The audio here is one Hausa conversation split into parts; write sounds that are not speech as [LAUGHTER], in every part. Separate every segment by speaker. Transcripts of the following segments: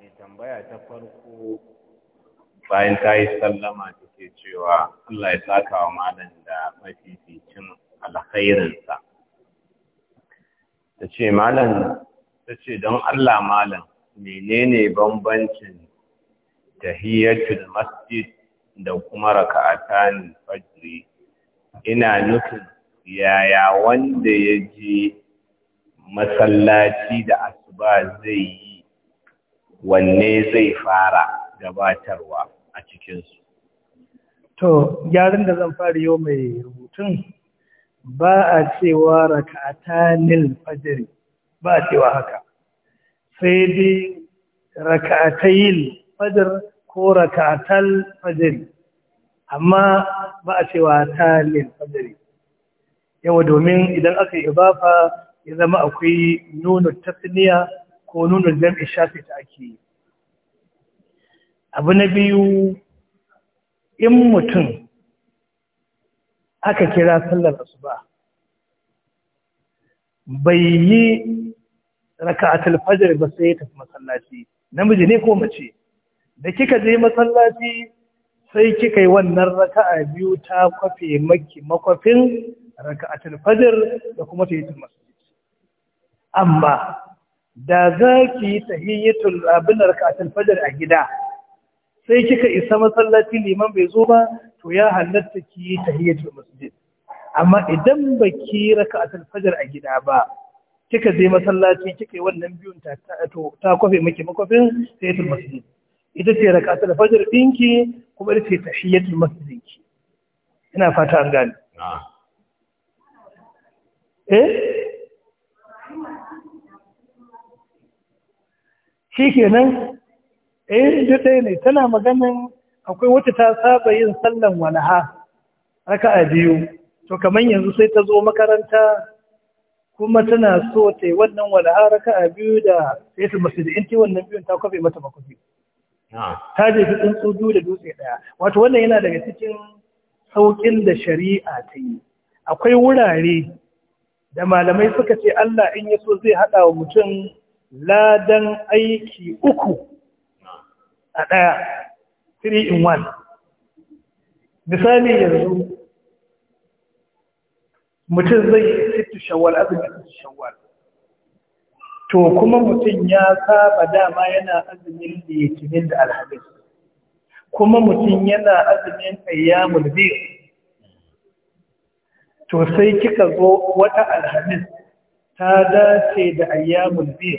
Speaker 1: mai tambaya ta farko
Speaker 2: bayan ta yi sallama
Speaker 1: ke cewa Allah ya saka wa malam da mafificin alkhairinsa ta ce malam ta ce don Allah malam menene bambancin tahiyyatul masjid da kuma raka'atan fajri ina nufin yaya wanda ya je
Speaker 2: masallaci da
Speaker 1: asuba zai yi wanne zai fara gabatarwa a cikinsu.
Speaker 2: To, gyaran da zan fara yau mai rubutun ba a cewa nil fajiri ba a cewa haka. Sai dai raka'atayil fajir ko raka'atal fajiri, amma ba a cewa talil fajiri. Yawa domin idan aka yi ibafa ya zama akwai nuna tasniya ko nuna jam'i shafi ta ake yi abu na biyu in mutum aka kira sallar asuba bai yi raka a talfajar ba sai ya tafi masallaci namiji ne ko mace da kika je masallaci sai kika yi wannan raka a biyu ta kwafe maki makwafin a talfajar da kuma ta yi masjid amma da za ki yi tahiyyatul abin raka'atul fajr a gida sai kika isa masallaci liman bai zo ba to ya halatta ki yi tahiyyatul masjid amma idan ba ki raka'atul fajr a gida ba
Speaker 1: kika je masallaci
Speaker 2: kika yi wannan biyun ta to ta kofe miki makofin tahiyyatul masjid ita ce raka'atul fajr dinki kuma ita ce tahiyyatul masjid ina fata an gane eh shi kenan eh duk ɗaya ne tana maganin akwai wata ta saba yin sallan walaha a biyu to kamar yanzu sai ta zo makaranta kuma tana so ta yi wannan walaha a biyu da sai su masu da inti wannan biyun ta kwafi mata makwafi ah. ta je fi tsuntsu biyu da dutse ɗaya wato wannan yana daga cikin sauƙin da shari'a ta yi akwai wurare da malamai suka ce Allah in ya so zai haɗa wa mutum ladan aiki uku a ɗaya 3 in 1 misali yanzu mutum zai yi sittu shawwal azumi sittu to kuma mutum ya saba dama yana azumin litinin da alhamis kuma mutum yana azumin ayyamun biyu to sai kika zo wata alhamis ta dace da ayyamul biyu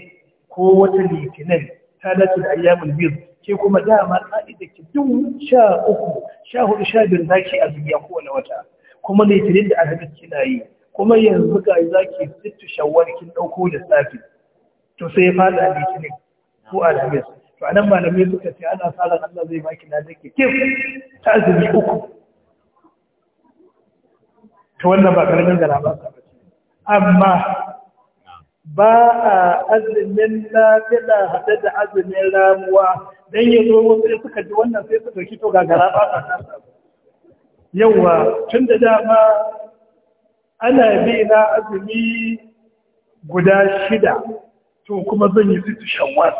Speaker 2: ko wata litinin ta dace da ayyamul bid ke kuma dama ka'ida ke duk sha uku sha hudu sha biyar ki azumi a kowane wata kuma litinin da alhamis kina yi kuma yanzu ga ki fito shawar kin dauko da safi to sai ya fada litinin ko alhamis to anan malamai suka ce ana sa Allah zai baki na dake kif ta azumi uku to wannan ba karamin garaba ba amma ba a azumin lafiya haɗe da azumin ramuwa don ya zo wasu ya suka ji wannan sai suka kito gagara ba a yawa tun da dama ana bi na azumi guda shida to kuma zan yi situ shawar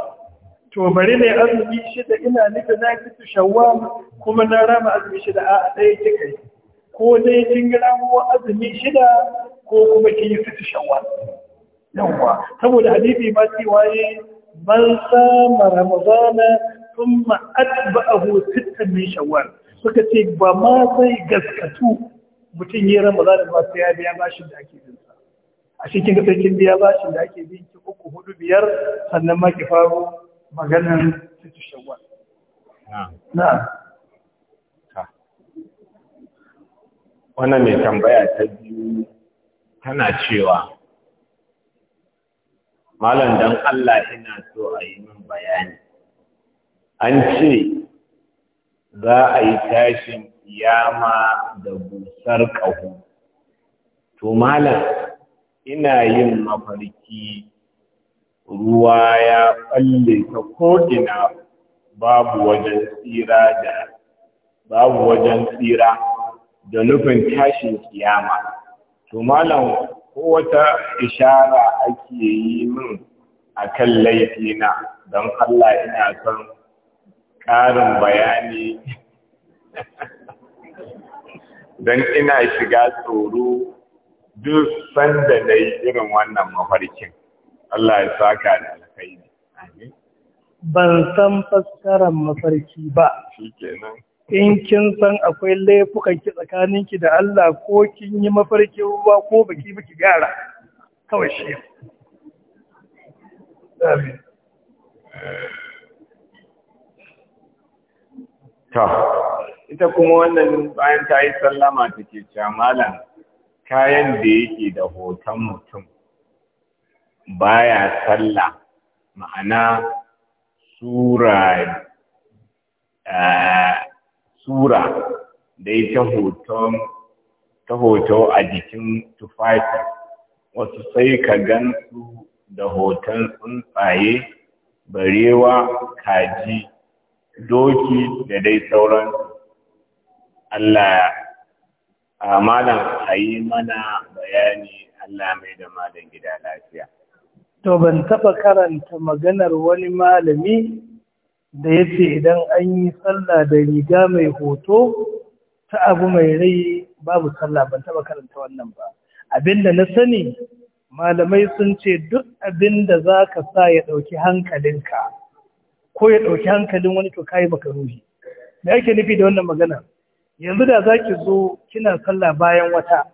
Speaker 2: to bari ne azumi shida ina nufi na situ shawar kuma na rama azumi shida a ɗaya kika yi ko dai kin ramuwa azumi shida ko kuma kin yi situ
Speaker 1: yawwa saboda hadisi ba
Speaker 2: cewa waye man sama ramadana thumma atba'ahu sittan min shawwal suka ce ba ma sai gaskatu mutum yi ramadana ba sai ya biya bashin da ake bin sa a cikin ga sarkin biya bashin da ake bin ki uku hudu biyar sannan ma ki faro
Speaker 1: maganar
Speaker 2: sittan shawwal na
Speaker 1: wannan mai tambaya ta biyu tana cewa malam dan Allah ina so a yi min bayani an ce za a yi tashin kiyama da busar ƙaho to malam ina yin mafarki ruwa ya ɓalle ta ko'ina babu wajen tsira da babu wajen tsira da nufin tashin kiyama to malam ko wata ishara ake yi min a kan laifina don Allah ina son ƙarin bayani [LAUGHS] don ina shiga tsoro duk sanda na yi irin wannan mafarkin Allah ya saka da alkhairi
Speaker 2: ban san fassarar mafarki ba
Speaker 1: shikenan in
Speaker 2: kin san akwai laifukan ki tsakanin ki da Allah ko kin yi mafarkin ruwa ko baki baki gyara
Speaker 1: kawai shi amin ta ita kuma wannan bayan ta yi sallama take cewa malam kayan da yake da hoton mutum baya sallah ma'ana sura eh, sura da ya ta hoto a jikin tufafi wasu sai ka gan su da hoton tsuntsaye barewa kaji doki da dai sauran Allah a malam a yi mana bayani Allah mai da malam gida lafiya
Speaker 2: to ban taɓa karanta maganar wani malami da ya ce idan an yi sallah da riga mai hoto ta abu mai rai babu sallah ban taɓa karanta wannan ba abinda na sani malamai sun ce duk abinda za ka sa ya ɗauki hankalinka ko ya ɗauki hankalin wani to kayi baka ruhi me ake nufi da wannan magana yanzu da za ki zo kina sallah bayan wata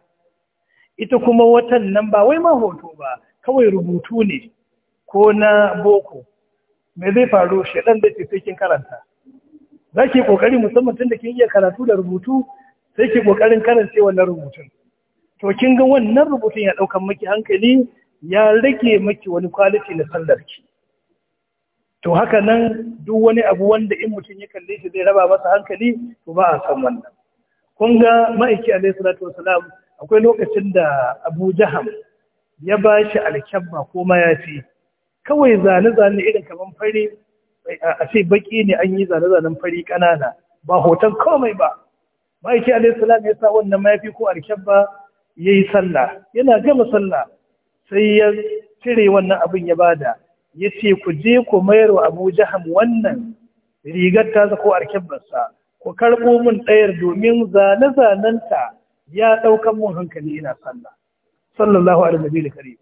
Speaker 2: ita kuma watan nan ba wai ma hoto ba kawai rubutu ne ko na boko me zai faru shaidan da ke sai kin karanta za ki ƙoƙari musamman tun da kin iya karatu da rubutu sai ki ƙoƙarin karance wannan rubutun to kin ga wannan rubutun ya ɗaukan maki hankali ya rage maki wani kwaliti na sallar ki to haka nan duk wani abu wanda in mutum ya kalli shi zai raba masa hankali to ba a san wannan kun ga ma'aiki alaihi salatu wasalam akwai lokacin da abu jaham ya ba shi alkyabba ko mayafi kawai zane-zane irin kaman fari a ce baki ne an yi zane-zanen fari kanana. ba hoton komai ba ma'aiki alaihissalam ya sa wannan mafi ko ba ya yi sallah yana gama sallah sai ya cire wannan abin ya bada ya ce ku je ku mayar wa abu jiham wannan rigar tasa ko sa ku karɓo min ɗayar domin zane-zanenta ya ɗaukan mun hankali ina sallah sallallahu alaihi wa sallam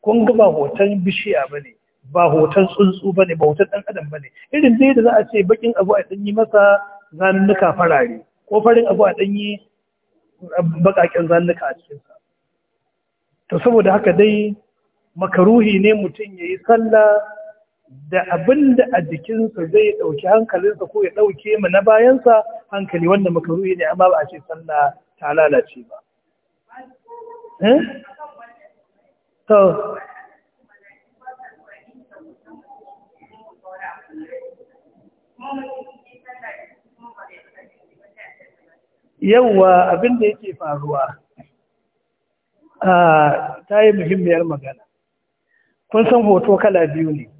Speaker 2: kun gama hoton bishiya bane ba hoton tsuntsu bane ba hoton ɗan adam bane irin dai da za a ce bakin abu a danyi masa zannuka farare ko farin abu a danyi bakaken zannuka a cikin sa to saboda haka dai makaruhi ne mutum yayi sallah da abinda da a jikinsa zai ɗauki hankalinsa ko ya ɗauke mu na bayansa hankali wanda makaruhi ne amma ba a ce sallah ta lalace ba. Eh? yauwa abin da yake faruwa a ta yi muhimmiyar magana kun san hoto kala biyu ne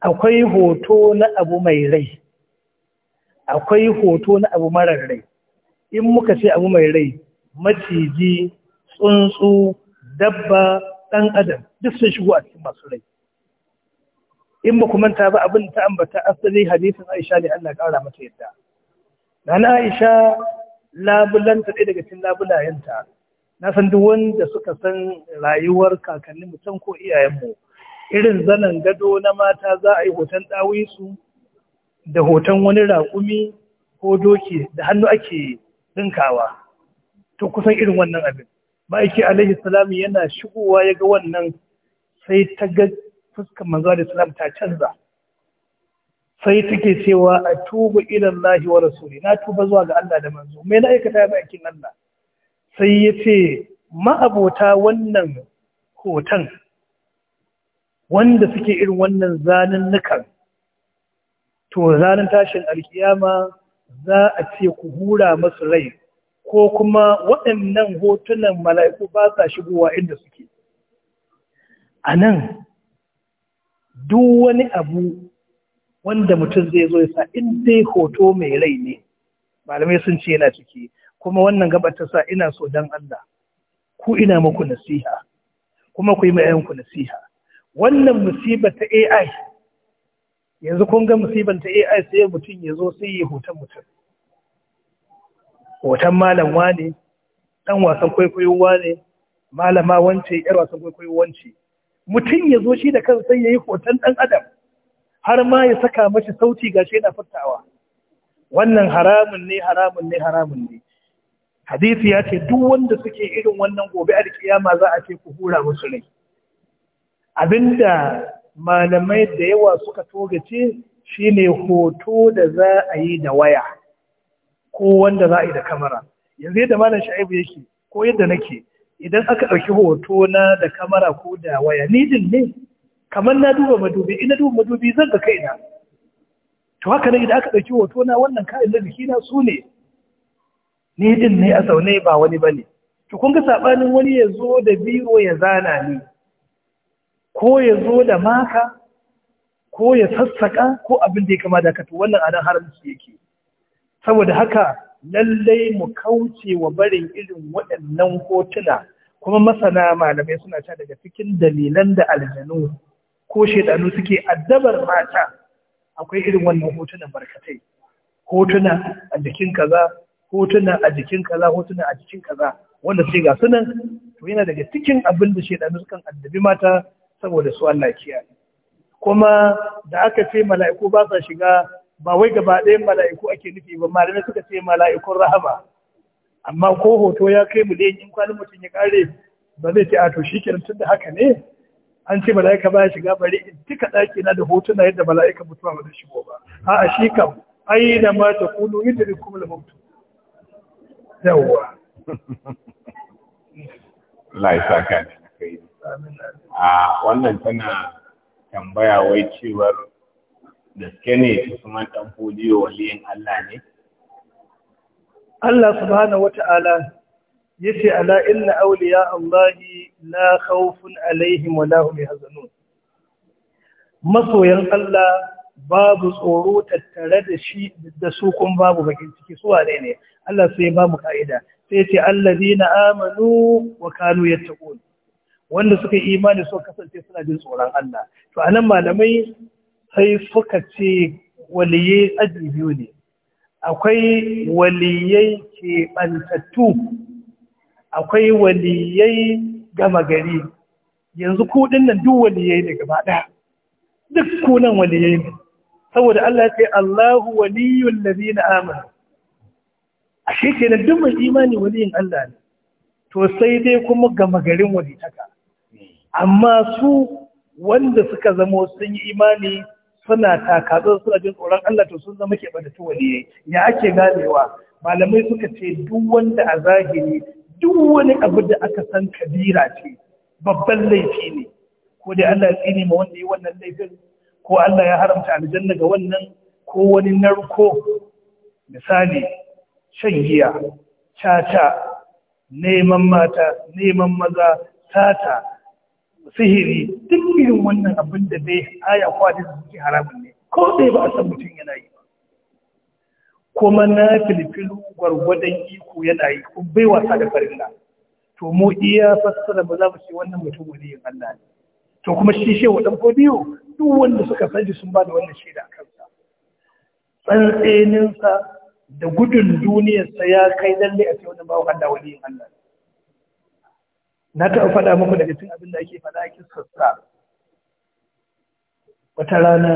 Speaker 2: akwai hoto na abu mai rai akwai hoto na abu marar rai in muka ce abu mai rai maciji tsuntsu dabba ɗan adam duk sun shigo a cikin masu rai in ba ku manta ba abin ta ambata asali hadisin Aisha ne Allah ƙara mata yadda Nana Aisha labulanta ɗaya daga cikin labulayenta na san duk wanda suka san rayuwar kakannin mu ko iyayenmu irin zanen gado na mata za a yi hoton ɗawisu da hoton wani raƙumi ko doki da hannu ake ɗinkawa to kusan irin wannan abin ma'aiki alaihi Salamu yana shigowa ya ga wannan sai ta ga fuskar manzo da salam ta canza sai take cewa a tubu ilallahi wa rasuli na tuba zuwa ga Allah da manzo me na aikata ya Allah sai yace ce ma'abota wannan hoton wanda suke irin wannan zanen nukan to ranar tashin alkiyama za a ce ku hura masu rai ko kuma waɗannan hotunan mala'iku ba sa shigowa inda suke a nan duk wani abu wanda mutum zai zo ya sa in dai hoto mai rai ne malamai sun ce yana ciki kuma wannan gabar sa ina so dan Allah
Speaker 1: ku ina muku
Speaker 2: nasiha kuma ku yi mai nasiha wannan musibar ta AI yanzu kun ga musibar ta AI sai mutum ya zo sai ya hoton mutum hoton malam wane dan wasan kwaikwayo wane malama wance yar wasan kwaikwayo wance mutum ya zo shi da kan sai ya yi hoton ɗan adam har ma ya saka mashi sauti ga shi na furtawa wannan haramun ne haramun ne haramun ne hadisi ya ce duk wanda suke irin wannan gobe alkiyama za a ce ku hura musu ne abinda malamai da yawa suka ce shine hoto da za a yi da waya ko wanda za a yi da kamara. yanzu yadda malam sha'ibu yake ko yadda nake idan aka ɗauki hoto na da kamara ko da waya ni din ne kamar na duba madubi ina duba madubi zan ga kaina to haka ne idan aka ɗauki hoto na wannan kayan na jiki na su ne ni din ne a zaune ba wani bane to kun ga sabanin wani ya zo da biro ya zana ni ko ya zo da maka ko ya sassaka ko abin da ya kama da ka to wannan anan haramci yake saboda haka lallai mu kauce wa barin irin waɗannan hotuna kuma masana malamai suna ta daga cikin dalilan da aljanu ko shaidanu suke addabar mata akwai irin wannan hotunan barkatai hotuna a jikin kaza hotuna a jikin kaza hotuna a jikin kaza wanda sai ga sunan to yana daga cikin abin da shaidanu sukan addabi mata saboda su Allah kiya. kuma da aka ce mala'iku ba sa shiga ba wai gaba ɗayan mala'iku ake nufi ba malamai suka ce mala'ikun rahama amma ko hoto ya kai mu in kwanan mutum ya kare ba zai ce a to shi kenan tun da haka ne an ce mala'ika ba ya shiga bari in tuka ɗaki na da hotuna yadda mala'ika mutuwa ba zai shigo ba a'a shi kam aina ma ta kulu yadda kuma da mutu yawwa
Speaker 1: Allah saka kai a wannan tana tambaya wai cewar gaske ne kuma dan Fodiyo waliyin Allah ne
Speaker 2: Allah subhanahu wata'ala yace ala inna awliya Allahi la khawfun alaihim wa la yahzanun masoyan Allah babu tsoro tattare da shi da su kun babu bakin ciki su wane ne Allah sai babu kaida sai yace allazina amanu wa kanu yattaqun wanda suka yi imani suka kasance suna jin tsoron Allah to anan malamai sai suka ce waliye aji biyu ne akwai waliyai keɓantattu akwai waliyai gama gari yanzu kuɗin nan duk waliyai ne gaba ɗaya duk kunan waliyai ne saboda Allah ce Allahu waliyul ladina amanu ashe kenan duk mai imani waliyin Allah ne to sai dai kuma gama garin walitaka amma su wanda suka zama sun yi imani suna takatsar suna jin tsoron Allah to sun zama keɓantattu waliyai ya ake ganewa malamai suka ce duk wanda a zahiri duk wani abu da aka san kabira ce babban laifi ne ko dai Allah ya tsine ma wanda ya wannan laifin ko Allah ya haramta aljanna ga wannan ko wani narko misali shan giya caca neman mata neman maza sata sihiri duk irin wannan abin da zai haya kwadin da suke haramun ne ko dai ba a san mutum yana yi ba kuma na filfilu gwargwadon iko yana yi ko bai wasa da farilla to mu iya fassara ba za mu ce wannan mutum wani yin Allah ne to kuma shi shewa ko biyu duk wanda suka sanji sun ba da wannan shi da kansa tsantseninsa da gudun duniyarsa ya kai lalle a ce wannan bawa Allah yin Allah na taɓa faɗa muku daga cin abin da ake faɗa a kisarsa wata rana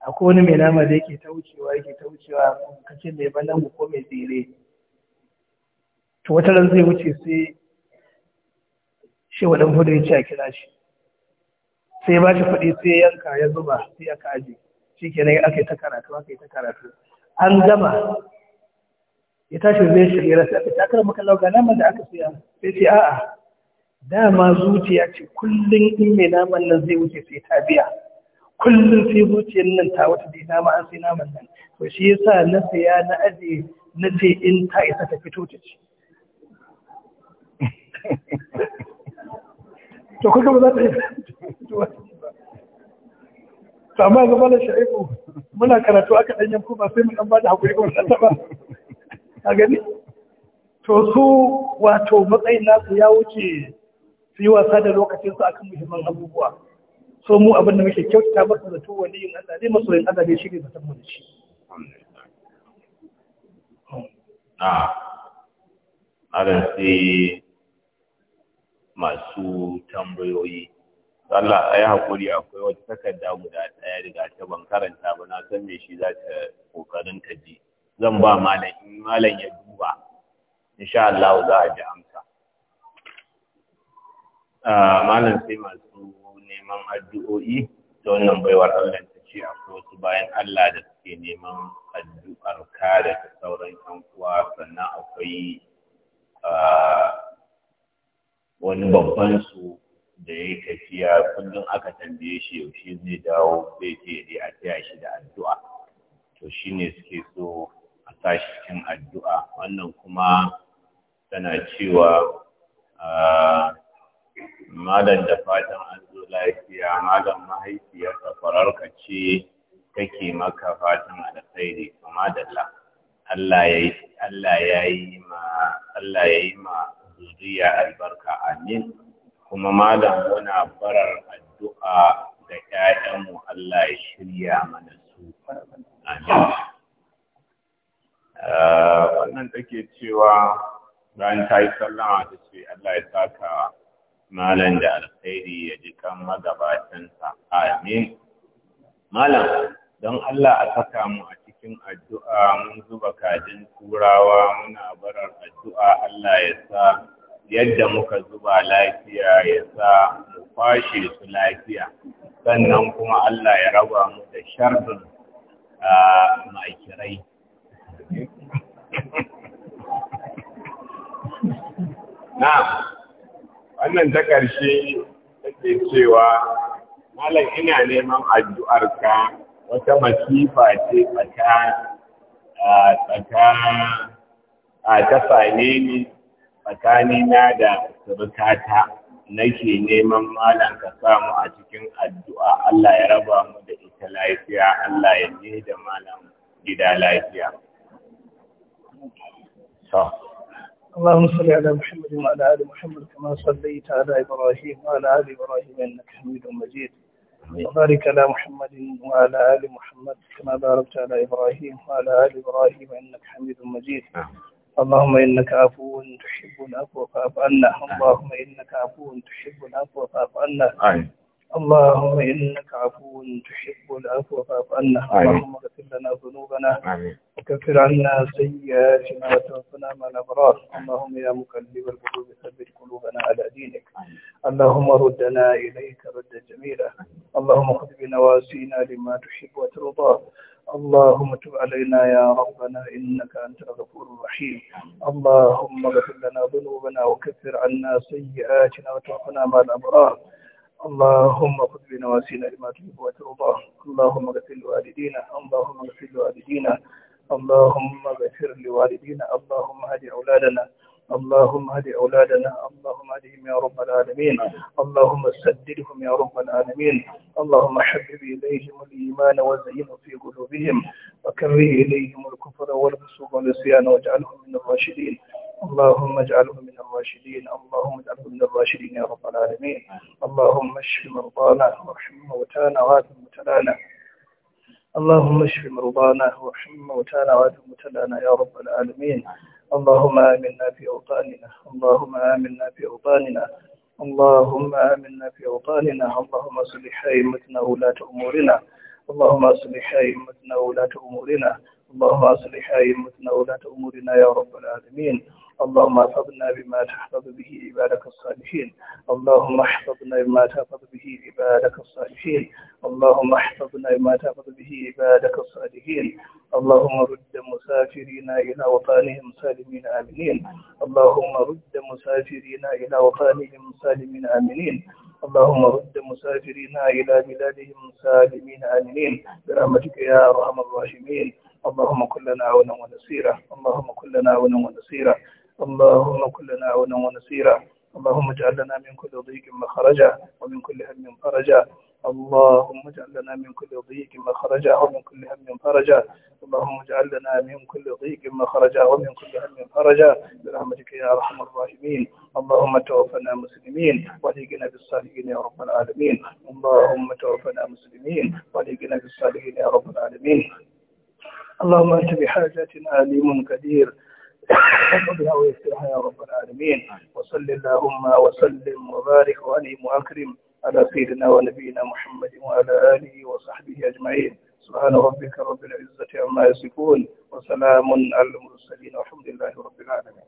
Speaker 2: a wani mai nama da yake ta wucewa yake ta wucewa kacin mai mu ko mai tsere to wata ran zai wuce sai shi wadan hudu ya ce a kira shi sai ba shi kuɗi sai yanka ya zuba sai ya kaji. shi kenan aka yi ta karatu aka yi ta karatu
Speaker 1: an gama
Speaker 2: ya tashi zai shirya rasa aka takar maka lauga naman da aka siya sai ce a'a dama zuciya ce kullum in mai naman nan zai wuce sai ta biya kullum sai zuciyar nan ta wata dai nama an sai naman nan to shi yasa na saya na aje na ce in ta isa ta fito ta ci
Speaker 1: to kuka ba za ta yi
Speaker 2: to amma ga malam sha'ibu muna karatu aka danyen kuma sai mu dan ba da hakuri ko sallama a gani to su wato matsayin nasu ya wuce su yi wasa da lokacin su akan muhimman abubuwa so mu abin da muke kyauta ta da zato wani yin azali yin azali shi ne da san da shi
Speaker 1: na ah, sai masu tambayoyi Allah yi hakuri akwai wata takarda guda ɗaya daga ta ban karanta ba na san me shi za ta ƙoƙarin ta ji zan ba malam in malam ya insha Allah za a ji amsa ah, malam sai masu neman addu'o'i da wannan baiwar Allah ta ce akwai wasu bayan Allah da suke neman addu'ar kare da sauran yan uwa sannan akwai ah, wani babban su da ya yi tafiya kullum aka tambaye shi yaushe zai dawo zai ce dai a taya shi da addu'a to shine suke so a sa shi cikin addu'a wannan kuma tana cewa malam da fatan an zo lafiya malam mahaifiyar safararka ce take maka fatan alkhairi kuma da Allah ya yi ma Allah ya yi ma zuriya albarka amin
Speaker 2: kuma malam
Speaker 1: muna barar addu'a da 'ya'yanmu Allah ya shirya mana su amin wannan take cewa bayan ta yi sallama ta ce Allah ya saka malam da alkhairi ya ji kan magabatansa amin
Speaker 2: malam
Speaker 1: don Allah a saka mu a cikin addu'a mun zuba kajin turawa muna barar addu'a Allah ya sa yadda muka zuba lafiya ya sa mu kwashe su lafiya sannan kuma Allah ya raba mu da sharbin ah, makirai na wannan ta ƙarshe take cewa malam ina neman addu'ar ka wata masifa ce tsaka tsaka ta same ni tsakanina da surukata nake neman malam ka samu a cikin addu'a Allah ya raba mu da ita lafiya Allah ya ne da malam gida lafiya.
Speaker 2: اللهم صل على محمد وعلى آل محمد كما صليت على إبراهيم وعلى آل إبراهيم إنك حميد مجيد وبارك على محمد وعلى آل محمد كما باركت على إبراهيم وعلى آل إبراهيم إنك حميد مجيد اللهم إنك عفو تحب العفو فاعف عنا اللهم إنك عفو تحب العفو فاعف عنا اللهم إنك عفو تحب العفو فاعف عنا اللهم اغفر لنا ذنوبنا وكفر عنا سيئاتنا وتوفنا مع الأبرار اللهم يا مقلب القلوب ثبت قلوبنا على دينك اللهم ردنا إليك ردا جميلا اللهم خذ بنواسينا لما تحب وترضى اللهم تب علينا يا ربنا إنك أنت الغفور الرحيم اللهم اغفر لنا ذنوبنا وكفر عنا سيئاتنا وتوفنا مع الأبرار اللهم خذ بنواسينا لما تحب وترضى اللهم اغفر لوالدينا اللهم اغفر لوالدينا اللهم اغفر لوالدينا اللهم اهد اولادنا اللهم هد أولادنا اللهم هدهم يا رب العالمين اللهم سددهم يا رب العالمين اللهم حبب إليهم الإيمان وزينه في قلوبهم وكره إليهم الكفر والفسوق والعصيان واجعلهم من الراشدين
Speaker 1: اللهم اجعلهم
Speaker 2: من الراشدين اللهم اجعله من الراشدين يا رب العالمين اللهم اشف مرضانا وارحم موتانا وعاف متلانا اللهم اشف مرضانا وارحم موتانا وعاف متلانا يا رب العالمين اللهم آمنا في أوطاننا اللهم آمنا في أوطاننا اللهم آمنا في أوطاننا اللهم اصلح أئمتنا ولاة أمورنا اللهم اصلح أئمتنا ولاة أمورنا اللهم اصلح أئمتنا ولاة أمورنا يا رب العالمين اللهم احفظنا بما تحفظ به عبادك الصالحين اللهم احفظنا بما تحفظ به عبادك الصالحين اللهم احفظنا بما تحفظ به عبادك الصالحين اللهم رد مسافرينا إلى وطنهم سالمين آمنين اللهم رد مسافرينا إلى وطنهم سالمين آمنين اللهم رد مسافرينا إلى بلادهم سالمين آمنين برحمتك يا أرحم الراحمين اللهم كن لنا عونا ونصيرا اللهم كن لنا عونا ونصيرا اللهم كلنا عونا ونصيرا اللهم اجعل لنا من كل ضيق مخرجا ومن كل هم فرجا اللهم اجعل لنا من كل ضيق مخرجا ومن كل هم فرجا اللهم اجعل لنا من كل ضيق مخرجا ومن كل هم فرجا برحمتك يا ارحم الراحمين اللهم توفنا مسلمين وليقنا بالصالحين يا رب العالمين اللهم توفنا مسلمين وليقنا بالصالحين يا رب العالمين اللهم انت بحاجتنا عليم قدير بها ويسرها يا رب العالمين وصل اللهم وسلم وبارك وانعم واكرم على سيدنا ونبينا محمد وعلى اله
Speaker 1: وصحبه اجمعين
Speaker 2: سبحان ربك
Speaker 1: رب العزه عما يصفون وسلام على المرسلين والحمد لله رب العالمين